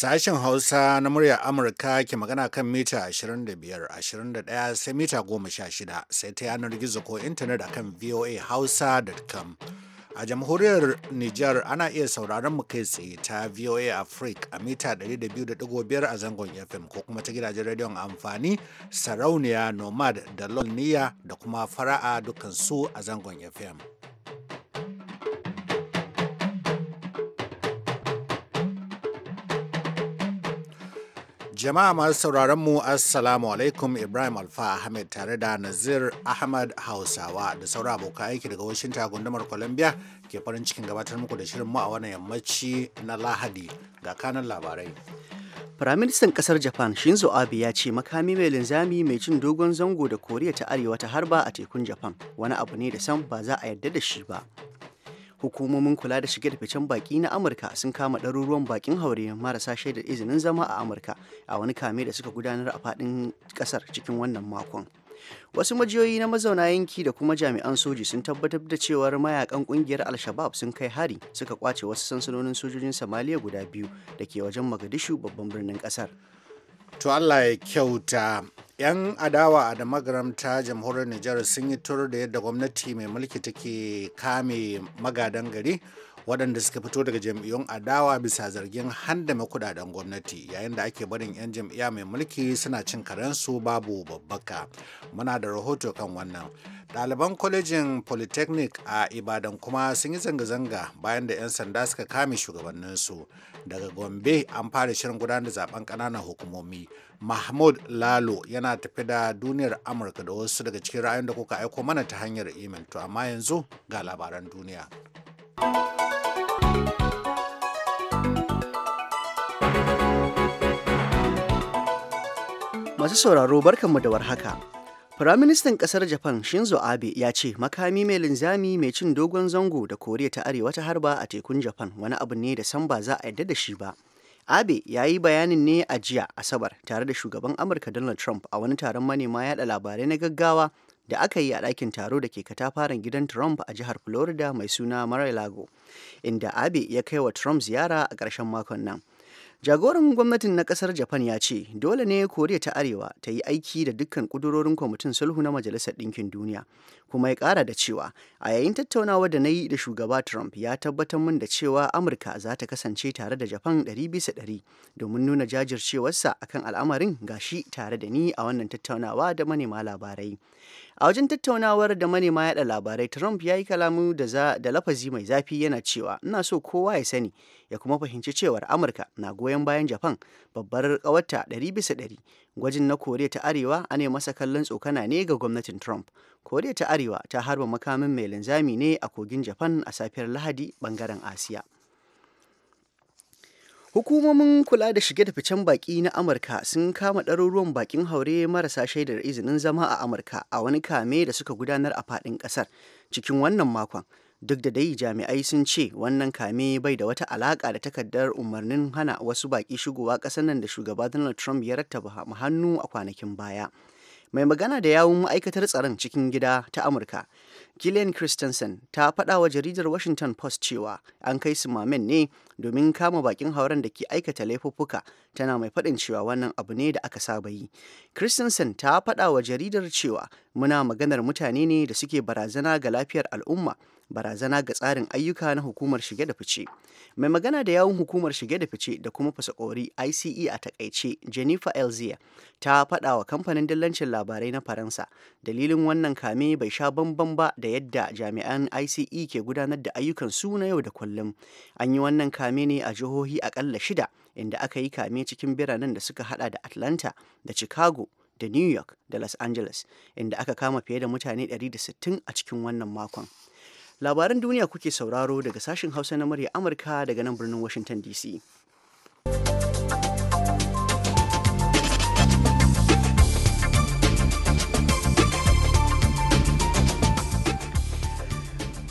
Sashen Hausa na muryar Amurka ke magana kan mita 25, 21 sai mita 16 sai ta yanar gizo ko intanet akan VOA voahausa.com. A jamhuriyar Nijar ana iya sauraron mu kai tsaye ta VOA Africa a mita 200.5 a zangon FM ko kuma ta gidajen rediyon amfani sarauniya Nomad da Lolniya da kuma Fara'a dukansu a zangon FM. Jama'a masu sauraron mu Assalamu alaikum Ibrahim Alfa Ahmed tare da Nazir Ahmad Hausawa da sauran abokan aiki daga Washington gundumar Columbia ke farin cikin gabatar muku da shirin mu a wannan yammaci na Lahadi ga kanan labarai. Firaministan kasar Japan Shinzo Abe ya ce makami mai linzami mai cin dogon zango da Koriya ta Arewa ta harba a tekun Japan wani abu ne da sam ba za a yarda da shi ba. hukumomin kula da shige da ficen baki na amurka sun kama ɗaruruwan bakin haure marasa shaidar izinin zama a amurka a wani kame da suka gudanar a faɗin ƙasar cikin wannan makon wasu majiyoyi na mazauna yanki da kuma jami'an soji sun tabbatar da cewar mayakan kungiyar al-shabab sun kai hari suka kwace wasu sansanonin sojojin somaliya guda biyu da ke wajen magadishu babban birnin kasar to allah ya kyauta 'yan adawa a magaram ta jamhuriyar nijar sun yi tur da yadda gwamnati mai mulki take kame magadan gari waɗanda suka fito daga jam'iyyun adawa bisa zargin handame kudaden gwamnati yayin da ake barin 'yan jam'iyya mai mulki suna cin karensu babu babbaka muna da rahoto kan wannan ɗaliban kwalejin polytechnic a ibadan kuma sun yi zanga-zanga bayan da 'yan sanda suka kame shugabanninsu daga gombe an fara shirin gudanar da zaben ƙananan hukumomi mahmud lalo yana tafi da duniyar amurka da wasu daga cikin ra'ayin da kuka aiko mana ta hanyar imel to amma yanzu ga labaran duniya Masu sauraro barkanmu da warhaka. Firaministan ƙasar Japan Shinzo Abe ya ce makami mai linzami mai cin dogon zango da Koriya ta Arewa ta harba a tekun Japan wani abu ne da san ba za a yarda da shi ba. Abe ya yi bayanin ne a jiya Asabar tare da shugaban Amurka Donald Trump a wani taron manema yaɗa labarai na gaggawa da aka yi a ɗakin taro da ke katafaren gidan Trump a jihar Florida mai suna Mar-a-Lago, inda Abe ya kai wa Trump ziyara a ƙarshen makon nan. jagoran gwamnatin na kasar japan ya ce dole ne koriya ta arewa ta yi aiki da dukkan kudurorin kwamitin sulhu na majalisar ɗinkin duniya kuma ya ƙara da cewa a yayin tattaunawa da na yi da shugaba trump ya tabbatar min da cewa amurka za ta kasance tare da japan 100% domin nuna jajircewarsa akan al'amarin gashi tare da ni a wannan tattaunawa da manema labarai A wajen tattaunawar da manema yaɗa labarai, Trump ya yi kalamu da lafazi mai zafi yana cewa ina so kowa ya sani ya kuma fahimci cewar Amurka na goyon bayan Japan babbar ƙawarta 100 bisa 100. Gwajin na Koriya ta Arewa ne masa kallon tsokana ne ga gwamnatin Trump. Koriya ta Arewa ta harba makamin mai linzami ne a kogin Japan a safiyar Lahadi bangaren Asiya. Hukumomin kula da shige da ficen baki na Amurka sun kama ɗaruruwan bakin haure marasa shaidar izinin zama a Amurka a wani kame da suka gudanar a faɗin ƙasar cikin wannan makon. Duk da dai jami'ai sun ce wannan kame bai da wata alaƙa da takardar umarnin hana wasu baki shigowa ƙasar nan da shugaba Donald Trump ya rattaba hannu a kwanakin baya. Mai magana da yawun ma'aikatar tsaron cikin gida ta Amurka Gillian Christensen ta faɗa wa jaridar Washington Post cewa an kai su mamen ne domin kama bakin hauren da ke aikata laifuffuka tana mai faɗin cewa wannan abu ne da aka saba yi. Christensen ta faɗa wa jaridar cewa muna maganar mutane ne da suke barazana ga lafiyar al'umma barazana ga tsarin ayyuka na hukumar shige da fice mai magana da yawun hukumar shige da fice da kuma fasakori ice a takaice jennifer elzia ta faɗa wa kamfanin dillancin labarai na faransa dalilin wannan kame bai sha bamban ba da yadda jami'an ice ke gudanar da ayyukan su na yau da kullum an yi wannan kame ne a jihohi akalla shida inda aka yi kame cikin biranen da suka hada da atlanta da chicago da New York da Los Angeles, inda aka kama fiye da mutane 160 a cikin wannan makon. labaran duniya kuke sauraro daga sashen hausa na murya amurka daga nan birnin washington dc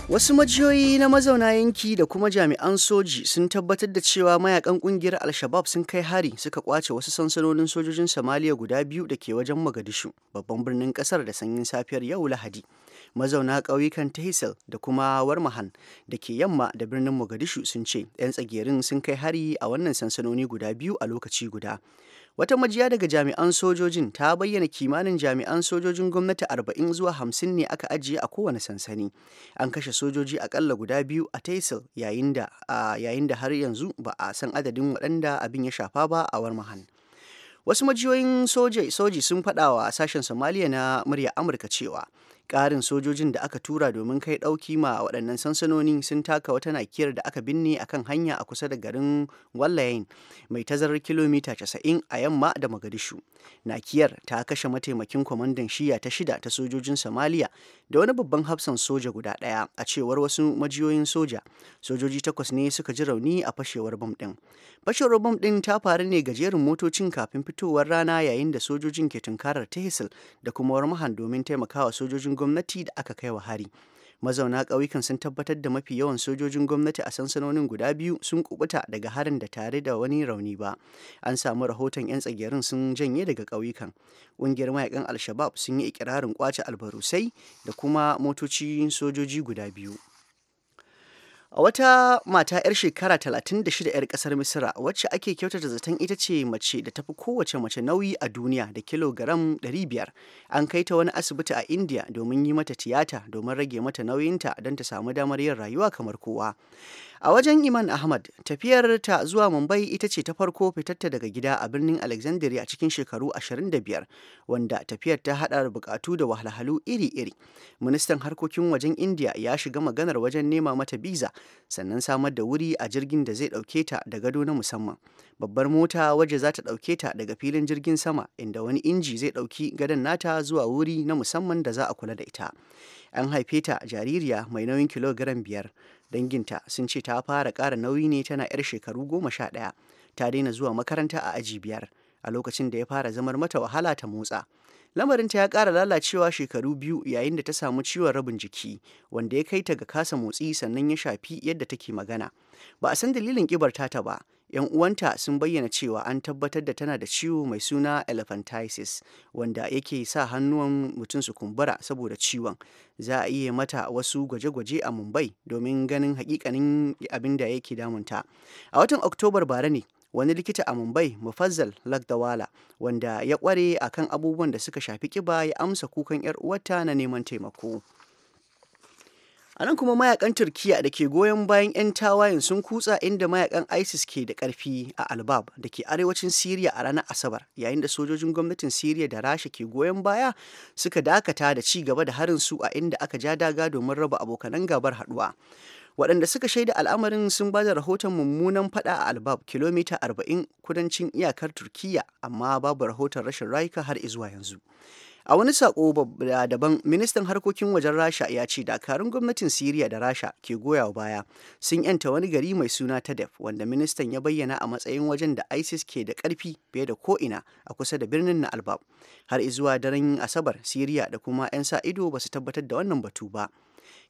Wasu majiyoyi na mazauna yanki da kuma jami'an soji sun tabbatar da cewa mayakan kungiyar Al-Shabab sun kai hari suka kwace wasu sansanonin sojojin Somalia guda biyu da ke wajen Magadishu, babban birnin kasar da sanyin safiyar yau Lahadi. mazauna ƙauyukan Tehsil da kuma Warmahan da ke yamma da birnin Mogadishu sun ce 'yan tsagerin sun kai hari a wannan sansanoni guda biyu a lokaci guda. Wata majiya daga jami'an sojojin ta bayyana kimanin jami'an sojojin gwamnati arba'in zuwa hamsin ne aka ajiye a kowane sansani. An kashe sojoji akalla guda biyu a tehsil yayin da har yanzu ba a san adadin waɗanda abin ya shafa ba a Warmahan. Wasu majiyoyin soji sun faɗa wa sashen somaliya na murya Amurka cewa karin sojojin da aka tura domin kai ɗauki ma waɗannan sansanoni sun taka wata nakiyar da aka binne a kan hanya a kusa da garin wallayen mai tazarar kilomita 90 a yamma da Magadishu nakiyar ta kashe mataimakin kwamandan shiya ta shida ta sojojin Somalia da wani babban hafsan soja guda ɗaya a cewar wasu majiyoyin soja sojoji takwas ne suka ji rauni a fashewar bom ɗin fashewar bom ɗin ta faru ne gajerin motocin kafin fitowar rana yayin da sojojin ke tunkarar tehisil da kuma warmahan domin taimakawa sojojin gwamnati da aka kai wa hari mazauna ƙauyukan sun tabbatar da mafi yawan sojojin gwamnati a sansanonin guda biyu sun kubuta daga harin da tare da wani rauni ba an samu rahoton 'yan tsagerin sun janye daga ƙauyukan ƙungiyar mayakan al sun yi ikirarin kwace albarusai da kuma motocin sojoji guda biyu A wata mata 'yar shekara 36 'yar kasar Misira wacce ake kyautata zaton ita ce mace da tafi kowace mace nauyi a duniya da kilogram 500 an kai ta wani asibiti a India domin yi mata tiyata domin rage mata nauyinta don ta samu damar yin rayuwa kamar kowa. A wajen Iman Ahmad, tafiyar ta zuwa Mumbai ita ce ta farko fitarta daga gida a birnin Alexandria cikin shekaru 25, wanda tafiyar ta haɗa bukatu da wahalhalu iri-iri. Ministan harkokin wajen India ya shiga maganar wajen nema mata biza, sannan samar da wuri a jirgin da zai ɗauke ta da gado na musamman. Babbar mota waje za ta ɗauke ta daga filin jirgin sama, inda wani inji zai ɗauki gadon nata zuwa wuri na musamman da za a kula da ita. An haife ta jaririya mai nauyin kilogiram biyar. danginta sun ce ta fara ƙara nauyi ne tana 'yar shekaru goma sha ɗaya ta daina zuwa makaranta a aji biyar a lokacin da ya fara zamar mata wahala ta motsa lamarinta ya ƙara lalacewa shekaru biyu yayin da ta samu ciwon rabin jiki wanda ya kai ta ga kasa motsi sannan ya shafi yadda take magana ba a san dalilin ƙibar ta ba 'yan uwanta sun bayyana cewa an tabbatar da tana da ciwo mai suna elephantiasis wanda yake sa hannuwan mutum su kumbura saboda ciwon za a iya mata wasu gwaje-gwaje a mumbai domin ganin hakikanin abin da yake damunta a watan oktobar bara ne wani likita a mumbai mufazzal lagdawala wanda ya kware akan abubuwan da suka shafi kiba ya amsa kukan 'yar uwarta na neman taimako a nan kuma mayakan turkiya da ke goyon bayan 'yan tawayen sun kutsa inda mayakan isis ke da karfi a albab da ke arewacin siriya a ranar asabar yayin da sojojin gwamnatin siriya da rasha ke goyon baya suka dakata da ci gaba da harin su a inda aka ja daga domin raba abokanan gabar haduwa waɗanda suka shaida al'amarin sun ba da rahoton mummunan fada a albab kilomita 40 kudancin iyakar turkiyya amma babu rahoton rashin rayuka har izuwa yanzu a wani sako daban ministan harkokin wajen rasha ya ce dakarun gwamnatin siriya da rasha ke goya baya sun yanta wani gari mai suna tadef wanda ministan ya bayyana a matsayin wajen da isis ke da karfi fiye da ko'ina a kusa da birnin na albab har zuwa daren asabar siriya da kuma 'yan sa ido ba su tabbatar da wannan batu ba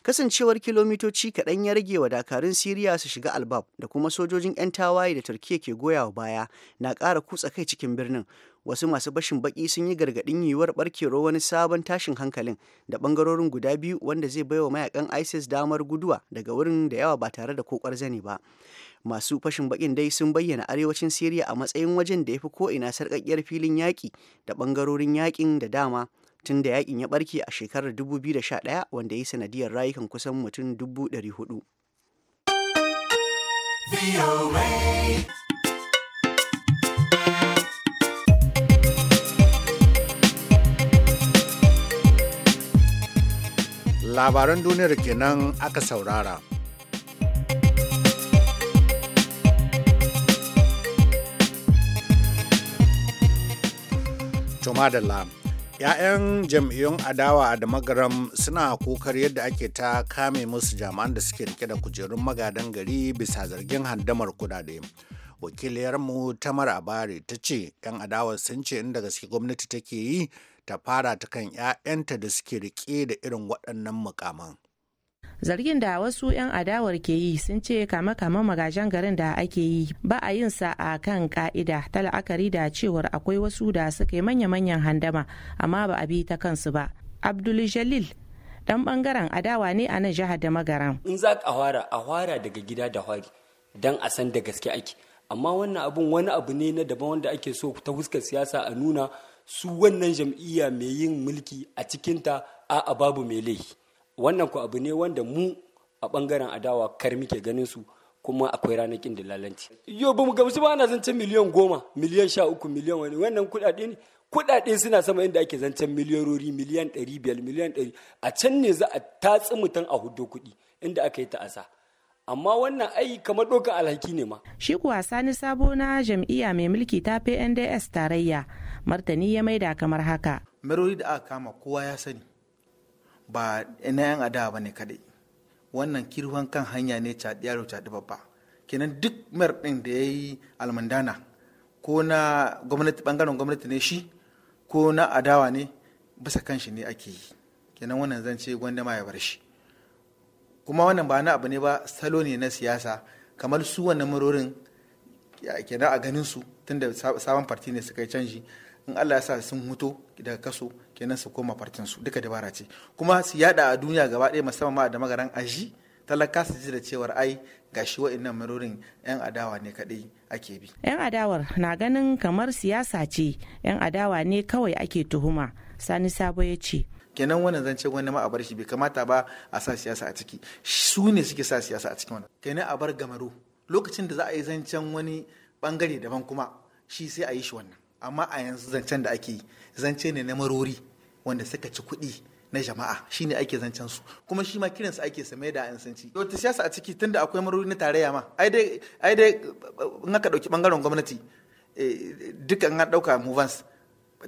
kasancewar kilomitoci kaɗan ya rage wa dakarun siriya su shiga albab da kuma sojojin 'yan tawaye da turkiyya ke goya baya na ƙara kutsa kai cikin birnin wasu masu bashin baki sun yi gargaɗin yiwuwar barkewar wani sabon tashin hankalin da bangarorin guda biyu wanda zai baiwa mayakan isis damar guduwa daga wurin da yawa ba tare da kokwar zane ba masu fashin bakin dai sun bayyana arewacin siriya a matsayin wajen da ya fi ko'ina sarƙaƙƙiyar filin yaƙi da bangarorin yaƙin da dama tun da yaƙin ya barke a shekarar 2011 wanda ya yi sanadiyar rayukan kusan mutum 400 labaran duniyar kenan aka saurara. Tumadala ‘Ya'yan jam'iyyun adawa da magaram suna kokar yadda ake ta kame musu jami'an da suke rike da kujerun magadan gari bisa zargin handamar kudade. wakiliyarmu tamar abari ta ce 'yan adawa sun ce inda gaske gwamnati take yi ta fara ta kan 'ya'yanta da suke rike da irin waɗannan mukaman. zargin da wasu 'yan adawar ke yi sun ce kama kama magajen garin da ake yi ba a yin sa a kan ka'ida ta la'akari da cewar akwai wasu da suka yi manya-manyan handama amma ba a bi ta kansu ba abdul jalil dan bangaren adawa ne a nan jihar da magaran in za a fara a fara daga gida da hwari dan a san da gaske ake amma wannan abun wani abu ne na daban wanda ake so ta fuskar siyasa a nuna su wannan jam'iyya mai yin mulki a cikinta a babu mai laifi wannan ku abu ne wanda mu a bangaren adawa kar muke ganin su kuma akwai ranakin da lalanci yau ba mu musu ba ana zancen miliyan goma miliyan sha uku miliyan wani wannan kudade ne kudade suna sama inda ake zancen miliyarori miliyan ɗari biyar miliyan ɗari a can ne za a tatsi mutum a hudu kuɗi inda aka yi ta'asa amma wannan ai kamar doka alhaki ne ma. Shi kuwa Sani Sabo na jam'iyya mai mulki ta PNDS tarayya martani ya maida kamar haka merori da aka kama kowa ya sani ba na yan ada ba ne kadai wannan kirwan kan hanya ne caɗi yaro caɗi babba kenan duk mer ɗin da ya yi almandana ko na gwamnati ɓangaren gwamnati ne shi ko na adawa ne bisa kan shi ne ake yi kenan wannan zan ce gwanda ma ya bar shi kuma wannan ba na abu ne ba salo ne na siyasa kamar su wannan murorin kenan a ganin su tunda sabon farti ne suka yi canji in Allah ya sa sun huto daga kaso kenan su koma farcin su duka dabara ce kuma su yada a duniya gaba ɗaya musamman ma da magaran aji talaka su ji da cewar ai gashi wa'annan marorin 'yan adawa ne kadai ake bi. 'yan adawar na ganin kamar siyasa ce 'yan adawa ne kawai ake tuhuma sani sabo ya ce kenan wannan zance wani ma a bar shi bai kamata ba a sa siyasa a ciki su ne suke sa siyasa a cikin wannan kenan a bar gamaro lokacin da za a yi zancen wani bangare daban kuma shi sai a yi shi wannan amma a yanzu zancen da ake yi zance ne na marori wanda suka ci kuɗi na jama'a shine ake zancen su kuma shi ma kiran su ake same da yansanci to ta siyasa a ciki tunda akwai marori na tarayya ma ai dai ai dai in aka dauki bangaren gwamnati eh, duka in an dauka movance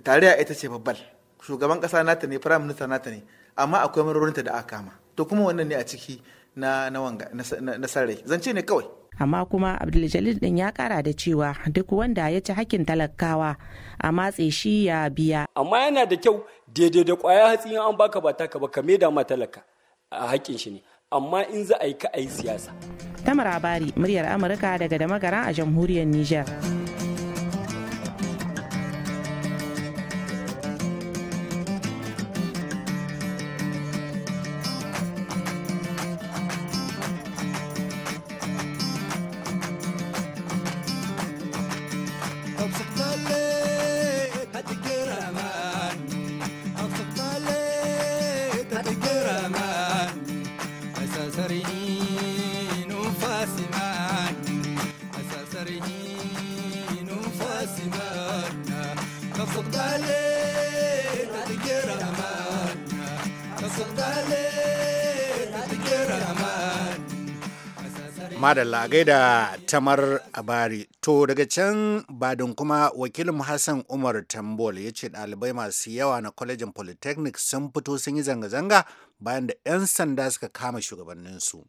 tarayya ita ce babbal shugaban kasa nata ne prime minister nata ne amma akwai marorinta da aka kama to kuma wannan ne a ciki na na wanga na sarai zance ne kawai amma kuma abduljalil din ya kara da cewa duk wanda ya ci hakkin talakawa a matse shi ya biya amma yana da kyau daidai da kwaya hatsi an baka ba taka ba ka da ma talaka a hakkin shi ne amma in za a yi ka a siyasa tamara bari muryar amurka daga damagaran a jamhuriyar niger madalla da tamar abari to daga can badin kuma wakilin hassan umar tambol ya ce dalibai masu yawa na kwalejin polytechnic sun fito sun yi zanga-zanga bayan da 'yan sanda suka kama shugabanninsu.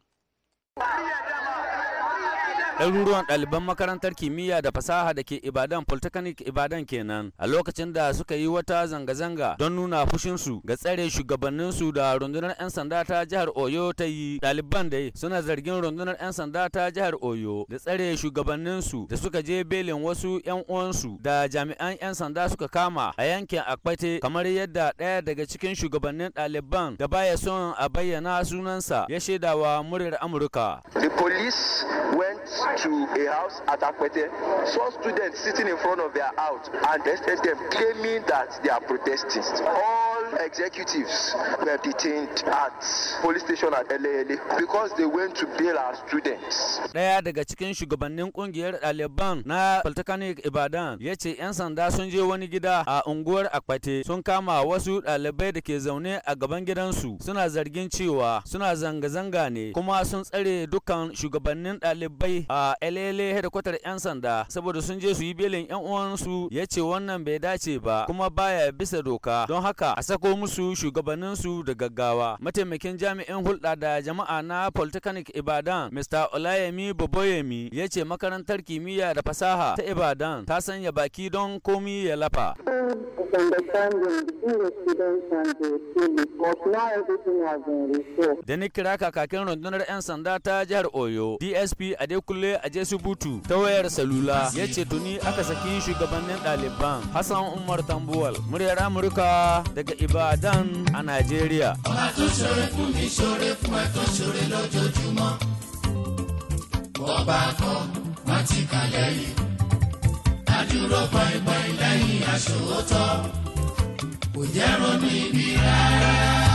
ɗaruruwan ɗaliban makarantar kimiyya da fasaha da ke Ibadan Polytechnic Ibadan kenan a lokacin da suka yi wata zanga-zanga don nuna fushinsu ga tsare shugabanninsu da rundunar 'yan sanda ta jihar Oyo ta yi ɗaliban da suna zargin rundunar 'yan sanda ta jihar Oyo da tsare shugabanninsu da suka je belin wasu 'yan uwansu da jami'an 'yan sanda suka kama a yankin Akpate kamar yadda ɗaya daga cikin shugabannin ɗaliban da baya son a bayyana sunansa ya shaidawa muryar Amurka. The police went to a house at Akwete, saw students sitting in front of their house and tested them, claiming that they are protesting. All executives were detained at police station at LALA because they went to bail our students. Daya daga cikin shugabannin kungiyar ɗaliban na Polytechnic Ibadan ya ce 'yan sanda sun je wani gida a unguwar Akwate sun kama wasu ɗalibai da ke zaune a gaban gidansu suna zargin cewa suna zanga-zanga ne kuma sun tsare dukkan shugabannin ɗalibai a elele headquarter 'yan sanda saboda sun je su yi belin 'yan uwansu ya ce wannan bai dace ba kuma baya bisa doka don haka a sako musu su da gaggawa mataimakin jami'in hulɗa da jama'a na polytechnic ibadan mr olayemi boboyemi ya ce makarantar kimiyya da fasaha ta ibadan ta sanya baki don komi ya lafa da ni kira kakakin rundunar 'yan sanda ta jihar oyo dsp adekunle Sule Ajesu Butu ta wayar salula ya ce tuni aka saki shugabannin ɗaliban Hassan Umar Tambuwal muryar Amurka daga Ibadan a rárá.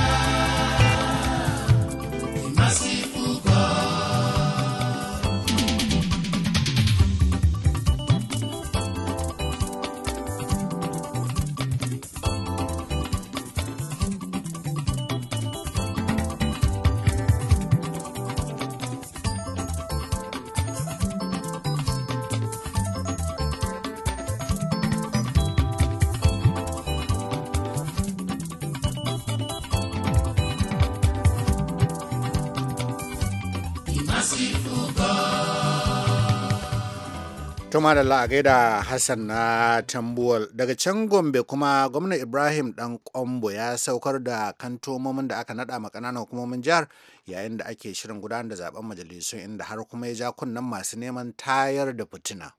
To madalla a gaida Hassan na Tambuwal daga can Gombe kuma gwamna Ibrahim dan Kwambo ya saukar da kantomomin da aka nada ma kananan hukumomin jihar yayin da ake shirin gudanar da zaben majalisu inda har kuma ya ja kunnen masu neman tayar da fitina.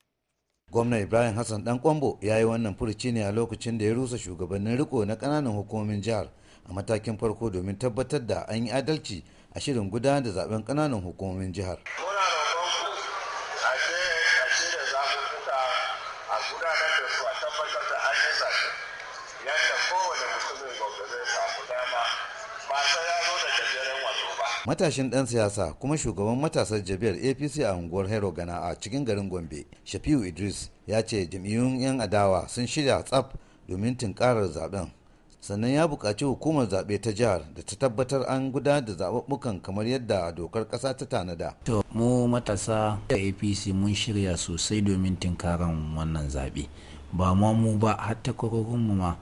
gwamna ibrahim hassan dan kwambo ya yi wannan furuci ne a lokacin da ya rusa shugabannin riko na kananan hukumomin jihar a matakin farko domin tabbatar da an yi adalci a shirin gudanar da zaben kananan hukumomin jihar matashin ɗan siyasa kuma shugaban matasar jami'ar apc a unguwar hero gana a cikin garin gombe shafiu idris ya ce jam'iyyun 'yan adawa sun shirya tsaf domin tunkarar zaben sannan ya buƙaci hukumar zaɓe ta jihar da ta tabbatar an gudanar da zaɓuɓɓukan kamar yadda dokar ƙasa ta tanada. To mu matasa da APC mun shirya sosai domin tinkarar wannan zaɓe ba ma mu ba har takwarorin mu ma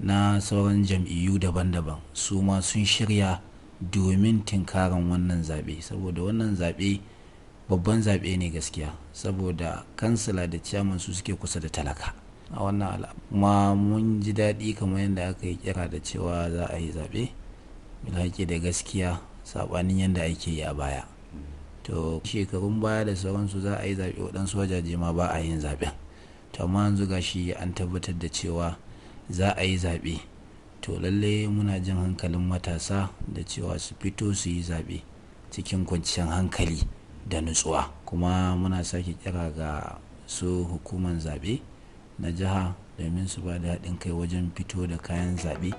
na sauran jam'iyyu daban-daban su ma sun shirya domin tinkaran wannan zaɓe saboda wannan zaɓe babban zaɓe ne gaskiya saboda kansila da ciyaman su suke kusa da talaka a wannan al'amma mun ji daɗi kamar yadda aka yi kira da cewa za a yi zaɓe bilhaƙi da gaskiya saɓanin yadda ake yi a baya to shekarun baya da sauransu za a yi zaɓe waɗansu wajaje ma ba a yin zaɓen to amma yanzu gashi an tabbatar da cewa za a yi zaɓe to lalle muna jin hankalin matasa da cewa su fito su yi zaɓe cikin kwanciyar hankali da nutsuwa kuma muna sake kira ga su hukumar zaɓe na jiha domin su ba da haɗin kai wajen fito da kayan zaɓe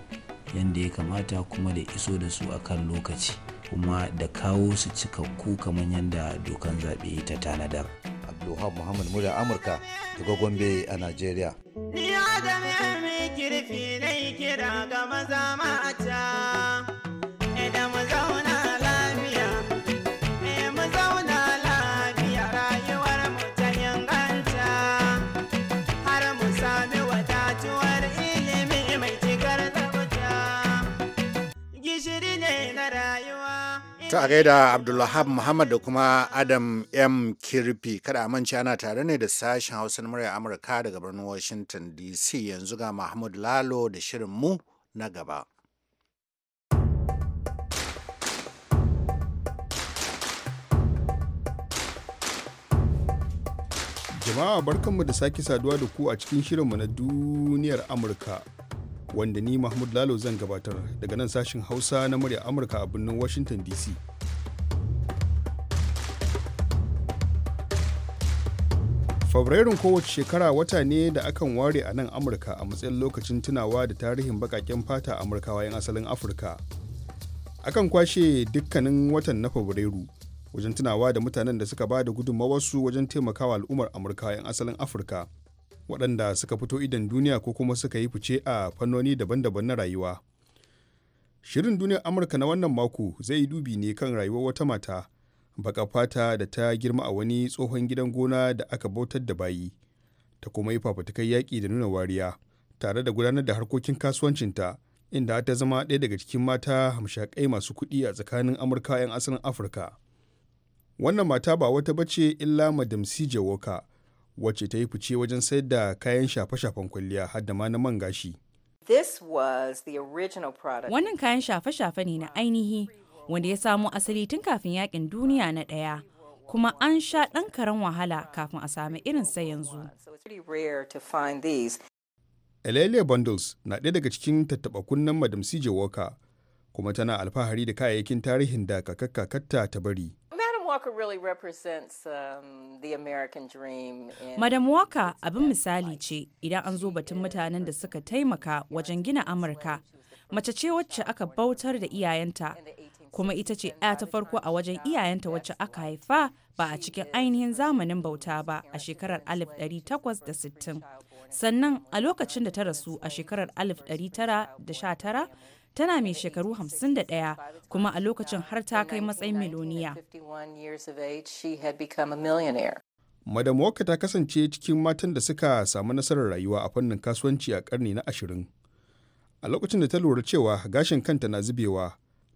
yadda ya kamata kuma da iso da su akan lokaci kuma da kawo su cikakku kamar yadda dokan zaɓe ta tanadar. Abdulhab Muhammad Murya Amurka daga Gombe a Najeriya. da mai kirfi na kira ga maza mata tare a gaida Abdullahab Muhammad da kuma Adam M. Kirfi kada manci ana tare ne da sashen Hausa na murya Amurka daga birnin Washington DC yanzu ga Mahmud Lalo da shirin mu na gaba. Jama'a barkanmu da sake saduwa da ku a cikin shirinmu na duniyar Amurka wanda ni Mahmud Lalo zan gabatar daga nan sashin Hausa na murya Amurka a birnin Washington DC. Fabrairun kowace shekara wata ne da akan ware a nan Amurka a matsayin lokacin tunawa da tarihin bakaken fata Amurkawa 'yan asalin Afirka. Akan kwashe dukkanin watan na Fabrairu wajen tunawa da mutanen da suka ba da gudunmawarsu wajen taimakawa al'ummar Amurka 'yan asalin Afirka. waɗanda suka fito idan duniya ko kuma suka yi fice a fannoni daban-daban na rayuwa shirin duniyar amurka na wannan mako zai yi dubi ne kan rayuwar wata mata baka fata da ta girma a wani tsohon gidan gona da aka bautar da bayi ta kuma yi fafutukar yaƙi da nuna wariya tare da gudanar da harkokin kasuwancinta inda ta zama ɗaya daga cikin mata hamshakai masu kuɗi a tsakanin amurka 'yan asalin afirka wannan mata ba wata bace illa madam sijewoka wacce ta yi fice wajen sayar da kayan shafe-shafen kwalliya har da ma na man gashi. Wannan kayan shafe-shafe ne na ainihi wanda ya samo asali tun kafin yakin duniya na ɗaya kuma an sha ɗan karen wahala kafin a sami irin sa yanzu. Elele Bundles na ɗaya daga cikin tattaɓa kunnen Madam CJ Walker kuma tana alfahari da kayayyakin tarihin da kakakkakarta ta bari. Walker really represents um, the American dream. Madam Walker abin misali ce idan an zo batun mutanen da suka taimaka wajen gina Amurka. Mace ce wacce aka bautar da iyayenta, kuma ita ce 'ya ta farko a wajen iyayenta wacce aka haifa ba a cikin ainihin zamanin bauta ba a shekarar 1860. Sannan a lokacin da ta rasu a shekarar 1919 tana mai shekaru 51 kuma a lokacin har ta kai matsayin miloniya. Madam Walker ta kasance cikin matan da suka samu nasarar rayuwa a fannin kasuwanci a karni na ashirin. A lokacin da ta lura cewa gashin kanta na zubewa,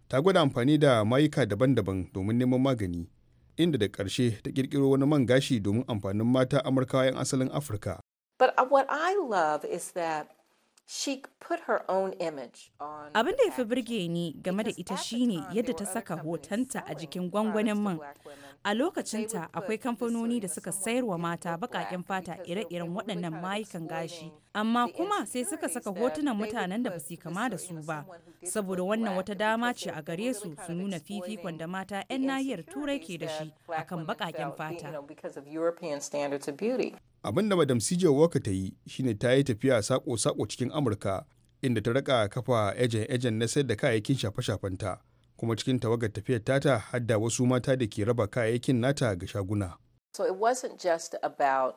ta gwada amfani da mayuka daban-daban domin neman magani, inda da ƙarshe ta ƙirƙiro wani man gashi domin amfanin mata Amurkawa 'yan asalin Afirka. But uh, what I love is Abin da ya fi burge ni game da ita shine yadda ta saka hotonta a jikin gwangwanin man a lokacinta akwai kamfanoni da suka sayar wa mata baƙaƙen fata ire-iren waɗannan mayukan gashi amma kuma sai suka saka hotunan mutanen da basu su kama da su ba saboda wannan wata dama ce a gare su su nuna fifikon da mata 'yan nahiyar turai ke da shi akan baƙaƙen fata abin da madam cj walker ta yi shine ta yi tafiya sako-sako cikin amurka inda ta raka kafa ejen-ejen na sayar da kayayyakin shafe-shafenta kuma cikin tawagar tafiyar tata hadda wasu mata da ke raba kayayyakin nata ga shaguna. So it wasn't just about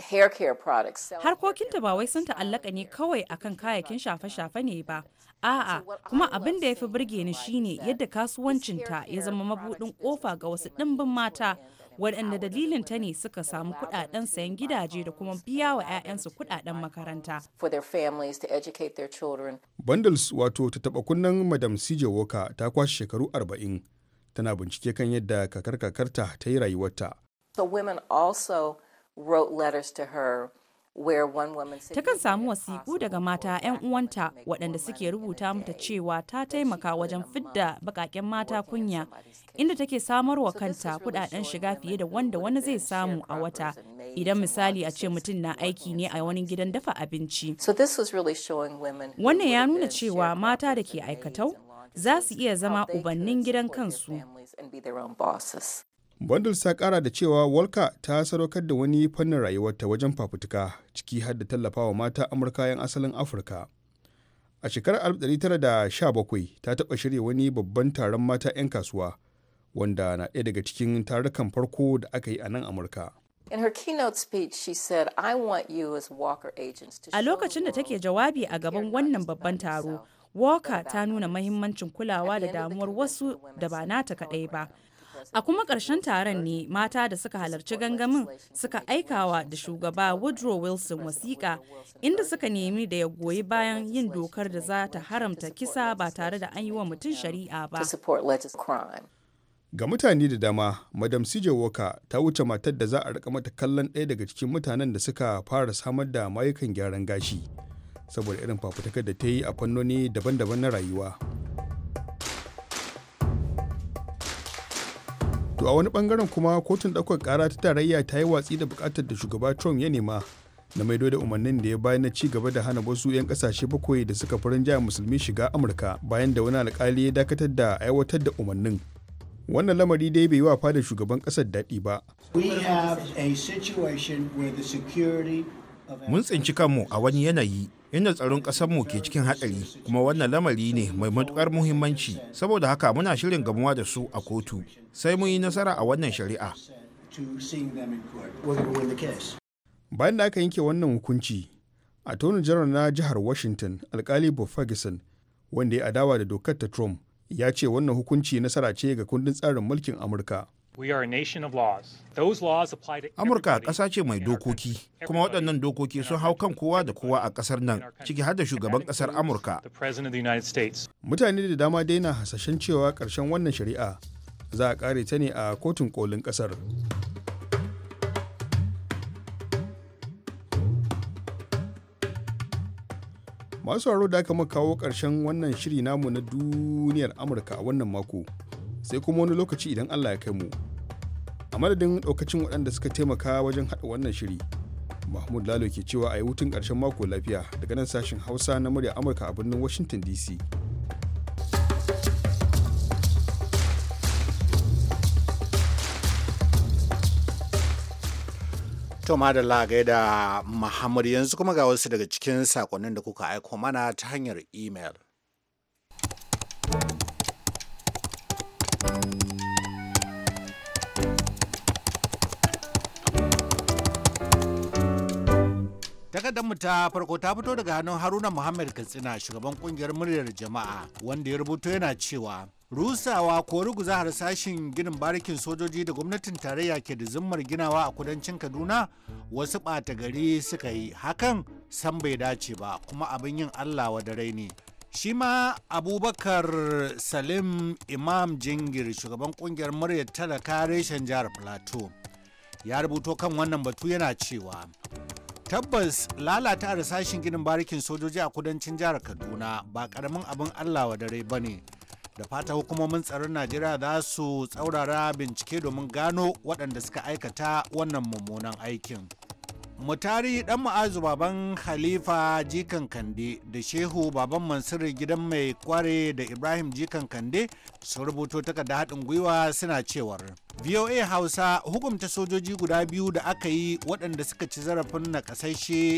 Harkokinta ba wai sun ta'allaka ne kawai akan kayayyakin shafe-shafe ne ba, a'a kuma abin da ya fi burge ni shine yadda kasuwancinta ya zama mabuɗin kofa ga wasu ɗimbin mata waɗanda dalilin ta ne suka samu kuɗaɗen sayan gidaje da kuma biya wa 'ya'yansu kuɗaɗen makaranta. Bundles wato ta taɓa kunnen Madam CJ Walker ta kwashe shekaru 40 tana bincike kan yadda kakar kakarta ta yi rayuwarta. the women also wrote letters to her Takan samu wasiƙu daga mata 'yan uwanta waɗanda suke rubuta mata cewa ta taimaka wajen fidda baƙaƙen mata kunya, inda take samarwa kanta kuɗaɗen shiga fiye da wanda wani zai samu a wata. Idan misali a ce mutum na aiki ne a wani gidan dafa abinci. Wannan ya nuna cewa mata da ke aikatau za su iya zama ubannin gidan kansu. bundles ta kara da cewa walka ta sadaukar da wani fannin rayuwarta wajen fafutuka ciki har da tallafawa mata amurka 'yan asalin afirka a shekarar 1917 ta taɓa shirya wani babban taron mata 'yan kasuwa wanda na ɗaya daga cikin tarukan farko da aka yi a nan amurka A lokacin da take jawabi a gaban wannan babban taro, Walker ta nuna mahimmancin kulawa da damuwar wasu da ba nata kaɗai ba, A kuma ƙarshen taron ne mata da suka halarci gangamin suka aikawa da shugaba Woodrow Wilson wasiƙa inda suka nemi da ya goyi bayan yin dokar da za ta haramta kisa ba tare da an yi wa mutum shari'a ba. Ga mutane da dama, Madam CJ Walker ta wuce matar da za a rika mata kallon ɗaya daga cikin mutanen da suka fara samar da mayukan gyaran gashi, saboda irin fafutukar da ta yi a fannoni daban-daban na rayuwa. to a wani bangaren kuma kotun ɗaukar ƙara ta tarayya ta yi watsi da buƙatar da shugaba trump ya nema na maido da umarnin da ya bayar na ci gaba da hana wasu 'yan kasashe bakwai da suka farin jaya musulmi shiga amurka bayan da wani alƙali ya dakatar da aiwatar da umarnin wannan lamari dai bai yi wa fadar shugaban ƙasar daɗi ba mun tsinci kanmu a wani yanayi inda tsaron ƙasarmu ke cikin hatsari kuma wannan lamari ne mai matuƙar muhimmanci saboda haka muna shirin gamuwa da su a kotu sai mun yi nasara a wannan shari'a bayan da aka yanke wannan hukunci a tono jiran na jihar washington alkali bob ferguson wanda ya adawa da dokar ta trump ya ce wannan hukunci nasara ce ga kundin tsarin mulkin amurka Amurka ƙasa ce mai dokoki, kuma waɗannan dokoki sun hau kan kowa da kowa a ƙasar nan, ciki har da shugaban ƙasar Amurka. Mutane da dama dai na hasashen cewa ƙarshen wannan shari'a za a ƙare ta ne a kotun ƙolin ƙasar. Masu haro da aka kawo ƙarshen wannan shiri namu na duniyar Amurka a wannan mako. sai kuma wani lokaci idan Allah ya kai mu. A madadin ɗaukacin waɗanda suka taimaka wajen haɗa wannan shiri, Mahmud Lalo ke cewa a yi hutun ƙarshen mako lafiya daga nan sashen Hausa na murya Amurka a birnin Washington DC. To madalla gaida Muhammad yanzu kuma ga wasu daga cikin sakonnin da kuka aiko mana ta hanyar email mu ta farko ta fito daga hannun Haruna Muhammad Katsina shugaban kungiyar muryar jama'a wanda ya rubuto yana cewa rusawa ko ruguza harsashin ginin barikin sojoji da gwamnatin tarayya ke da zimmar ginawa a kudancin kaduna wasu ɓata gari suka yi hakan san bai dace ba kuma abin yin allah wa wadarai ne shi ma abubakar salim imam jingir shugaban kungiyar muryar talaka reshen jihar plateau ya rubuto kan wannan batu yana cewa tabbas lalata a sashin ginin barikin sojoji a kudancin jihar kaduna ba karamin abin allah wa dare ba ne da fata hukumomin tsaron najeriya za su tsaurara bincike domin gano waɗanda suka aikata wannan mummunan aikin mutari dan ma'azu baban khalifa jikan kande da shehu baban mansur gidan mai kware da ibrahim jikan kande sun rubuto takarda haɗin gwiwa suna cewar voa hausa hukumta sojoji guda biyu da aka yi waɗanda suka ci zarafin na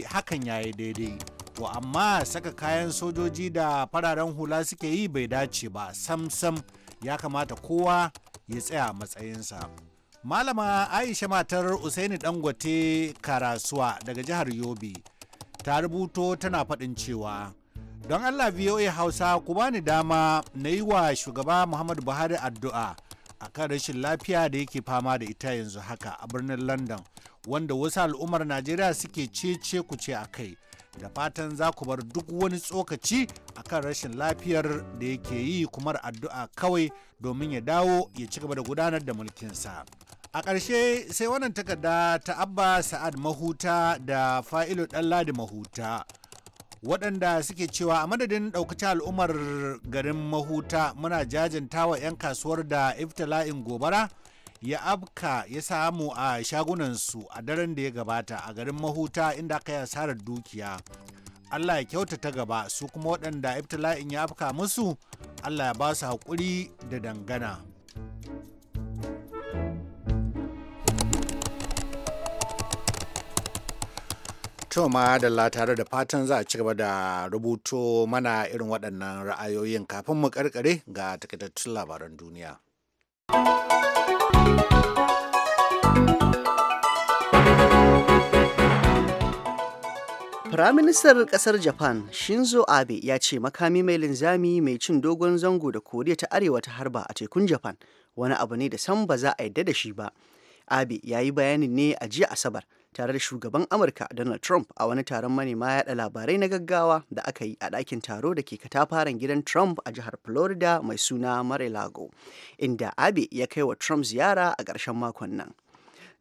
hakan yayi daidai wa amma saka kayan sojoji da fararen hula suke yi bai dace ba sam sam ya kamata kowa ya tsaya matsayinsa. Malama Aisha matar Usaini Dangote Karasuwa daga jihar Yobe ta rubuto tana faɗin cewa don Allah VOA Hausa ku bani dama na yi wa shugaba Muhammadu Buhari addu'a a kan rashin lafiya da yake fama da ita yanzu haka a birnin London wanda wasu al'ummar Najeriya suke cece ku ce a kai. da fatan za ku bar duk wani tsokaci a kan rashin lafiyar da yake yi kuma addu'a kawai domin ya dawo ya ci gaba da gudanar da mulkinsa. a ƙarshe sai wannan takarda ta abba sa'ad mahuta da fa'ilu ladi mahuta waɗanda suke cewa a madadin ɗaukacin al'ummar garin mahuta muna jajanta wa 'yan kasuwar da iftila'in gobara ya afka ya samu a shagunansu a daren da ya gabata a garin mahuta inda aka yi asarar dukiya Allah ya kyautata gaba su kuma waɗanda iftila'in ya afka musu Allah ya ba su haƙuri da dangana. Toma da tare da fatan za a ci gaba da rubuto mana irin waɗannan ra'ayoyin kafin mu karkare ga takaitattun labaran duniya. Firaministan ƙasar Japan Shinzo Abe ya ce makami mai linzami mai cin dogon zango da Koriya ta Arewa ta harba a tekun Japan wani abu ne da san ba za a yadda da shi ba. Abe ya yi bayanin ne a jiya Asabar tare da shugaban Amurka Donald Trump a wani taron manema yaɗa labarai na gaggawa da aka yi a ɗakin taro da ke katafaren gidan Trump a jihar Florida mai suna Mar-a-Lago, inda Abe ya kai wa Trump ziyara a ƙarshen makon nan.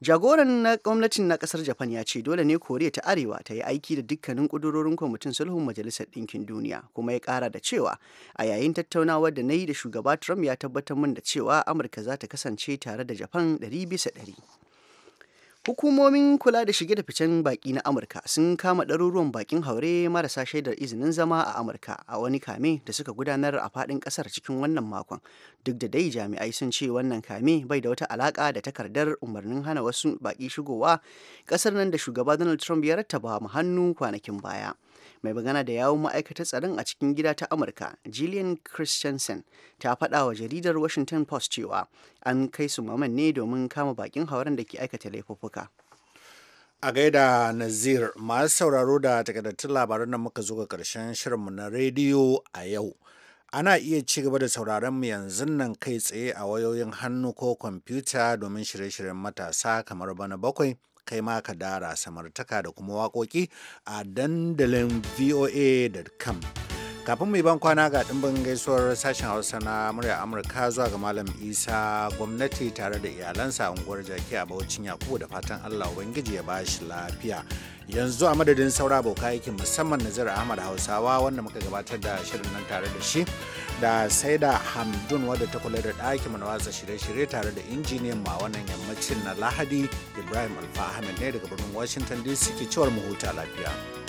Jagoran na gwamnatin na kasar Japan ya ce dole ne Koriya ta Arewa ta yi aiki da dukkanin kudurorin kwamitin sulhun Majalisar Ɗinkin Duniya kuma ya kara da cewa a yayin tattaunawar da na yi da shugaba Trump ya tabbatar min da cewa Amurka za ta kasance tare da Japan ɗari bisa ɗari. Hukumomin kula da shige da ficen baƙi na Amurka sun kama ɗaruruwan baƙin haure marasa shaidar izinin zama a Amurka a wani kame da suka gudanar a faɗin ƙasar cikin wannan makon. Duk da dai jami'ai sun ce wannan kame bai da wata alaƙa da takardar umarnin hana wasu baƙi shigowa ƙasar nan da shugaba Donald Trump ya rattaba mu hannu kwanakin baya. mai magana da yawun ma'aikatar tsarin a cikin gida ta amurka jillian christensen ta faɗa wa jaridar washington post cewa an kai su maman ne domin kama bakin hauren da ke aikata laifuka. a gaida nazir masu sauraro da takardattun labaran da muka zo ga karshen shirinmu na rediyo a yau ana iya ci gaba da sauraron mu yanzu nan kai tsaye a wayoyin hannu ko kwamfuta domin shirye-shiryen matasa kamar bana bakwai kai ma ka dara samartaka da kuma waƙoƙi a dandalin voa.com kafin mu yi ban kwana ga ɗimbin gaisuwar sashen hausa na murya amurka zuwa ga malam isa gwamnati tare da iyalansa unguwar jaki a bauchin yakubu da fatan allah ubangiji ya ba shi lafiya yanzu a madadin saura abokan aikin musamman nazar ahmad hausawa wanda muka gabatar da shirin nan tare da shi da sai da hamdun wadda ta kula da ɗakin mu na watsa shirye-shirye tare da injiniyan ma wannan yammacin na lahadi ibrahim alfahamin ne daga birnin washington dc ke cewar mu huta lafiya.